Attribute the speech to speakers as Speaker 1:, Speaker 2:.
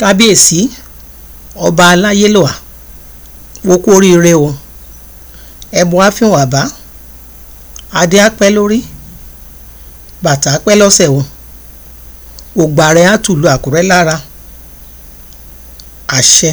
Speaker 1: kábíyèsí ọba aláyélọ́wà wo kú oríire o ẹ̀bùn àfihàn àbá adé apẹ́ lórí bàtà apẹ́ lọ́sẹ̀ o ògbà rẹ̀ á tùlù àkúrẹ́ lára àṣẹ.